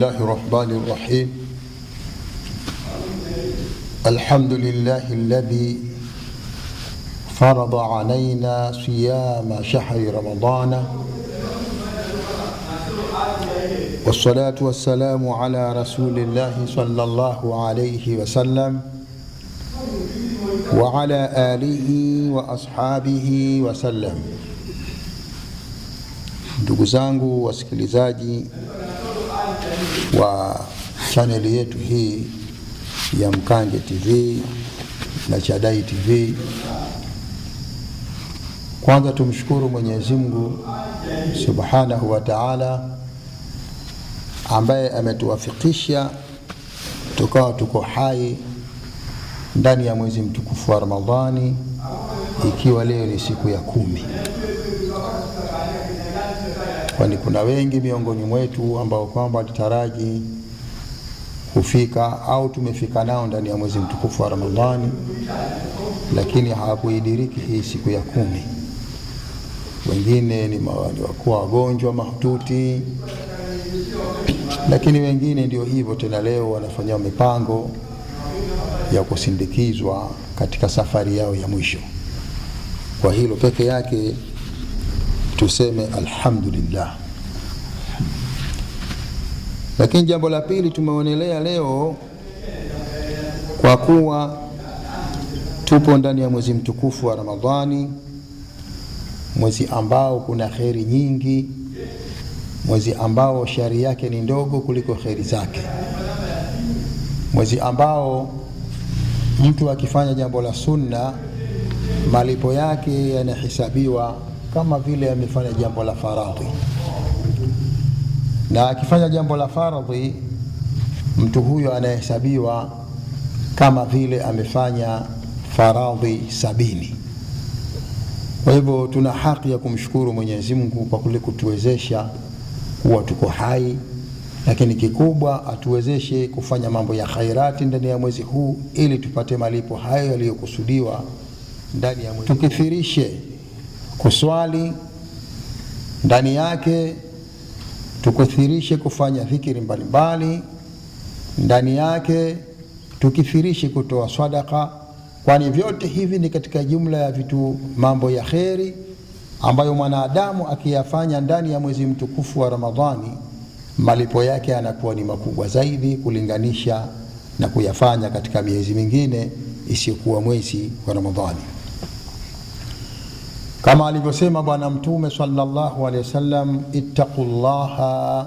الله الرحمن الرحيم الحمد لله الذي فرض علينا صيام شهر رمضان والصلاة والسلام على رسول الله صلى الله عليه وسلم وعلى آله وأصحابه وسلم ndugu zangu wa chaneli yetu hii ya Mkange TV na Chadai TV. Kwanza tumshukuru Mwenyezi Mungu Subhanahu wa Ta'ala ambaye ametuwafikisha tukawa tuko hai ndani ya mwezi mtukufu wa Ramadhani, ikiwa leo ni siku ya kumi kwani kuna wengi miongoni mwetu ambao kwamba walitaraji kufika au tumefika nao ndani ya mwezi mtukufu wa Ramadhani, lakini hawakuidiriki hii siku ya kumi. Wengine ni wakuwa wagonjwa mahututi, lakini wengine ndio hivyo tena, leo wanafanya mipango ya kusindikizwa katika safari yao ya mwisho. Kwa hilo peke yake tuseme alhamdulillah. Lakini jambo la pili tumeonelea leo, kwa kuwa tupo ndani ya mwezi mtukufu wa Ramadhani, mwezi ambao kuna kheri nyingi, mwezi ambao shari yake ni ndogo kuliko kheri zake, mwezi ambao mtu akifanya jambo la sunna malipo yake yanahesabiwa kama vile amefanya jambo la faradhi. Na akifanya jambo la faradhi, mtu huyo anahesabiwa kama vile amefanya faradhi sabini. Kwa hivyo tuna haki ya kumshukuru Mwenyezi Mungu kwa kule kutuwezesha kuwa tuko hai, lakini kikubwa atuwezeshe kufanya mambo ya khairati ndani ya mwezi huu ili tupate malipo hayo yaliyokusudiwa ndani ya mwezi. Tukifirishe kuswali ndani yake tukuthirishe kufanya fikiri mbalimbali ndani yake tukithirishe kutoa sadaka, kwani vyote hivi ni katika jumla ya vitu mambo ya kheri ambayo mwanadamu akiyafanya ndani ya mwezi mtukufu wa Ramadhani malipo yake yanakuwa ni makubwa zaidi kulinganisha na kuyafanya katika miezi mingine isiyokuwa mwezi wa Ramadhani kama alivyosema Bwana Mtume sallallahu alaihi wasallam, ittaqullaha,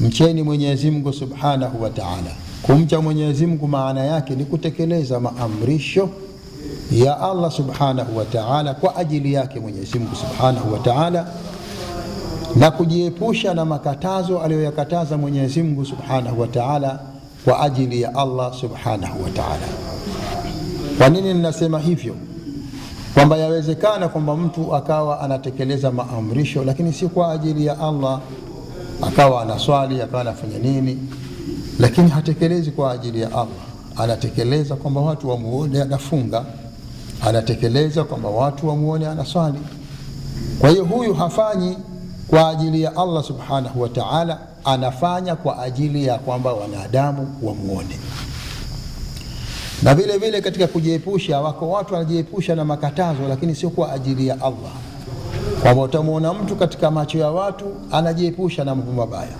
mcheni Mwenyezi Mungu subhanahu wa taala. Kumcha Mwenyezi Mungu maana yake ni kutekeleza maamrisho ya Allah subhanahu wa taala kwa ajili yake Mwenyezi Mungu subhanahu wa taala na kujiepusha na makatazo aliyoyakataza Mwenyezi Mungu subhanahu wa taala kwa ajili ya Allah subhanahu wa taala. Kwa nini ninasema hivyo? kwamba yawezekana kwamba mtu akawa anatekeleza maamrisho lakini si kwa ajili ya Allah, akawa anaswali akawa anafanya nini, lakini hatekelezi kwa ajili ya Allah. Anatekeleza kwamba watu wamuone anafunga, anatekeleza kwamba watu wamuone anaswali. Kwa hiyo huyu hafanyi kwa ajili ya Allah subhanahu wa ta'ala, anafanya kwa ajili ya kwamba wanadamu wamuone. Na vile vile katika kujiepusha, wako watu wanajiepusha na makatazo, lakini sio kwa ajili ya Allah. Kwamba utamwona mtu katika macho ya watu anajiepusha na mambo mabaya,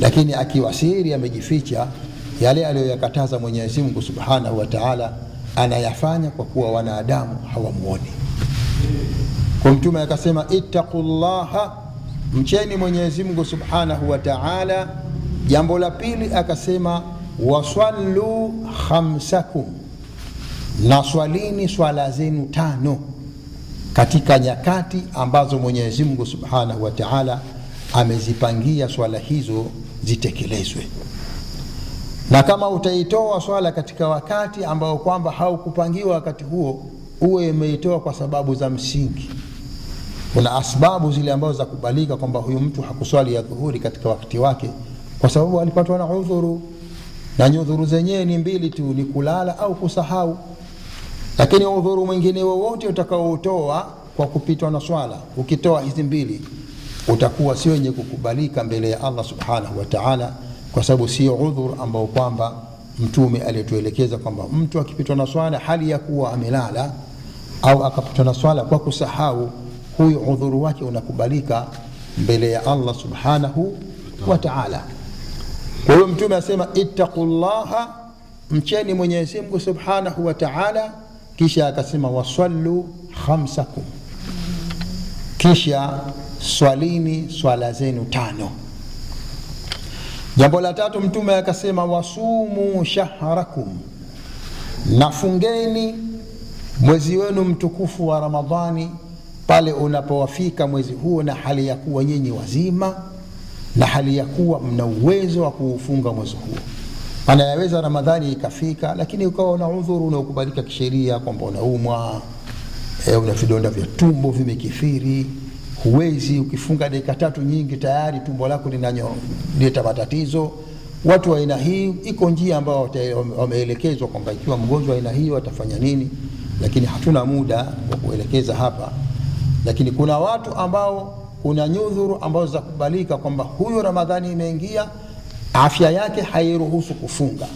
lakini akiwa siri amejificha, yale aliyoyakataza Mwenyezi Mungu Subhanahu wa Ta'ala anayafanya kwa kuwa wanadamu hawamuoni. Kwa Mtume akasema, ittaqullaha, mcheni Mwenyezi Mungu Subhanahu wa Ta'ala. Jambo la pili akasema wasallu khamsakum, na swalini swala zenu tano katika nyakati ambazo Mwenyezi Mungu Subhanahu wa Ta'ala amezipangia swala hizo zitekelezwe. Na kama utaitoa swala katika wakati ambao kwamba haukupangiwa wakati huo, uwe umeitoa kwa sababu za msingi. Kuna asbabu zile ambazo za kubalika kwamba huyu mtu hakuswali ya dhuhuri katika wakati wake kwa sababu alipatwa na udhuru na nyudhuru zenyewe ni mbili tu, ni kulala au kusahau. Lakini udhuru mwingine wowote utakaoutoa kwa kupitwa na swala, ukitoa hizi mbili utakuwa si wenye kukubalika mbele ya Allah subhanahu wa ta'ala, kwa sababu sio udhur ambao kwamba Mtume aliyetuelekeza kwamba mtu akipitwa na swala hali ya kuwa amelala au akapitwa na swala kwa kusahau, huyo udhuru wake unakubalika mbele ya Allah subhanahu wa ta'ala. Kwa hiyo Mtume asema ittaqullaha, mcheni Mwenyezi Mungu subhanahu wa taala, kisha akasema wasallu khamsakum, kisha swalini swala zenu tano. Jambo la tatu Mtume akasema wasumu shahrakum, nafungeni mwezi wenu mtukufu wa Ramadhani pale unapowafika mwezi huo na hali ya kuwa nyinyi wazima na hali ya kuwa mna uwezo wa kuufunga mwezi huo. Maana yaweza Ramadhani ikafika, lakini ukawa una udhuru unaokubalika kisheria kwamba unaumwa, e, una vidonda vya tumbo vimekithiri, huwezi. Ukifunga dakika tatu nyingi, tayari tumbo lako linaleta matatizo. Watu wa aina hii, iko njia ambayo wameelekezwa kwamba ikiwa mgonjwa wa aina hii atafanya nini, lakini hatuna muda wa kuelekeza hapa, lakini kuna watu ambao una nyudhuru ambazo zakubalika kwamba huyu Ramadhani imeingia, afya yake hairuhusu kufunga.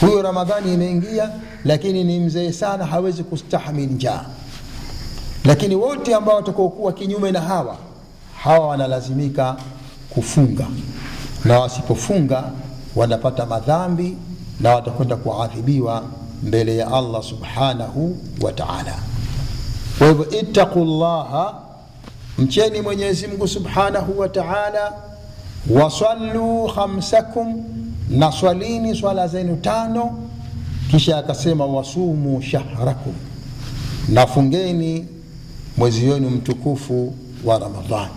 huyo Ramadhani imeingia, lakini ni mzee sana, hawezi kustahimili njaa. Lakini wote ambao watakaokuwa kinyume na hawa hawa wanalazimika kufunga, na wasipofunga wanapata madhambi na watakwenda kuadhibiwa mbele ya Allah subhanahu wa ta'ala. Kwa hivyo ittaqullaha mcheni Mwenyezi Mungu subhanahu wa taala, wasallu khamsakum, na swalini swala zenu tano. Kisha akasema wasumu shahrakum, nafungeni mwezi wenu mtukufu wa Ramadhani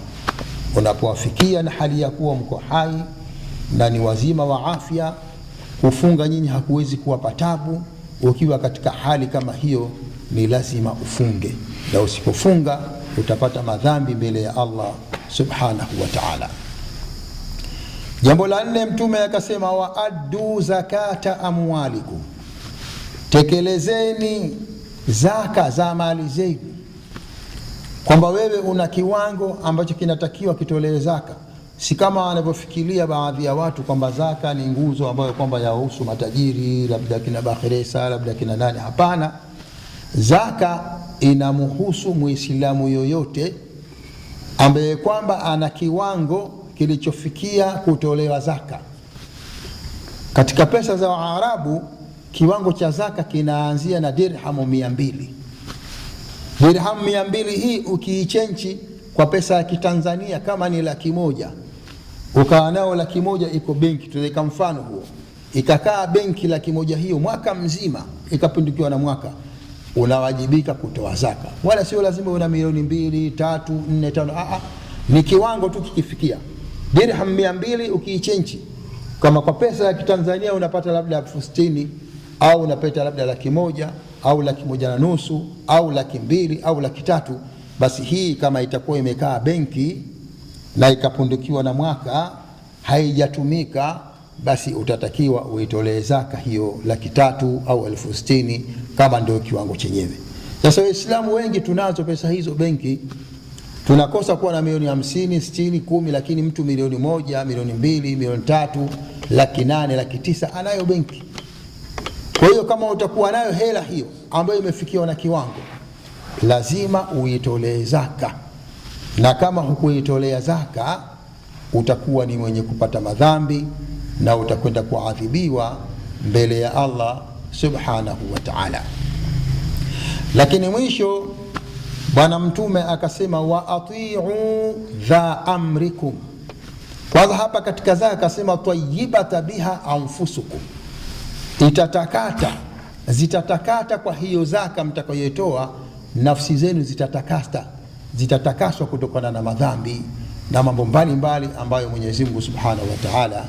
unapowafikia, na hali ya kuwa mko hai na ni wazima wa afya. Kufunga nyinyi hakuwezi kuwapa tabu. Ukiwa katika hali kama hiyo, ni lazima ufunge, na usipofunga utapata madhambi mbele ya Allah subhanahu wa ta'ala. Jambo la nne, Mtume akasema wa zakata amwalikum, tekelezeni zaka za mali zenu, kwamba wewe una kiwango ambacho kinatakiwa kitolewe zaka, si kama wanavyofikiria baadhi ya watu kwamba zaka ni nguzo ambayo kwamba yahusu matajiri, labda kina Bakhresa, labda kina nani. Hapana, zaka inamhusu Muislamu yoyote ambaye kwamba ana kiwango kilichofikia kutolewa zaka. Katika pesa za Waarabu kiwango cha zaka kinaanzia na dirhamu mia mbili. Dirhamu mia mbili hii ukiichenchi kwa pesa ya Kitanzania kama ni laki moja, ukawa nao laki moja iko benki, tuweka mfano huo, ikakaa benki laki moja hiyo mwaka mzima, ikapindukiwa na mwaka unawajibika kutoa zaka, wala sio lazima una milioni mbili tatu nne tano. Aa, ah, ah. ni kiwango tu kikifikia dirham mia mbili ukiichenji kama kwa pesa ya Kitanzania unapata labda elfu sitini au unapata labda laki moja au laki moja na nusu au laki mbili au laki tatu basi hii kama itakuwa imekaa benki na ikapundukiwa na mwaka haijatumika basi utatakiwa uitolee zaka hiyo laki tatu au elfu sitini kama ndio kiwango chenyewe. Sasa Waislamu wengi tunazo pesa hizo benki, tunakosa kuwa na milioni hamsini, sitini, kumi, lakini mtu milioni moja, milioni mbili, milioni tatu, laki nane, laki tisa anayo benki. Kwa hiyo kama utakuwa nayo hela hiyo ambayo imefikiwa na kiwango, lazima uitolee zaka, na kama hukuitolea zaka utakuwa ni mwenye kupata madhambi na utakwenda kuadhibiwa mbele ya Allah subhanahu wa ta'ala. Lakini mwisho Bwana Mtume akasema wa atiu dha amrikum. Kwanza hapa katika dha akasema tayyibata biha anfusukum, itatakata zitatakata kwa hiyo zaka mtakayotoa nafsi zenu zitatakasta zitatakaswa kutokana na madhambi na mambo mbalimbali ambayo Mwenyezi Mungu subhanahu wa ta'ala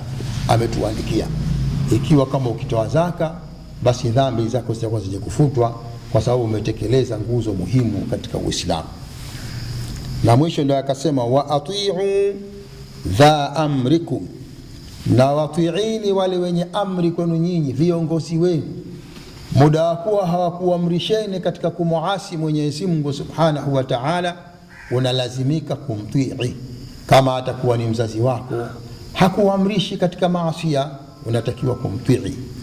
ametuandikia. Ikiwa kama ukitoa zaka, basi dhambi zako zitakuwa kufutwa kwa sababu umetekeleza nguzo muhimu katika Uislamu. Na mwisho ndio akasema, wa atiu dha amrikum, na watiini wale wenye amri kwenu nyinyi, viongozi wenu, muda wa kuwa hawakuamrisheni katika kumuasi Mwenyezi Mungu Subhanahu wa Ta'ala, unalazimika kumtii, kama atakuwa ni mzazi wako hakuamrishi katika maasia, unatakiwa kumtii.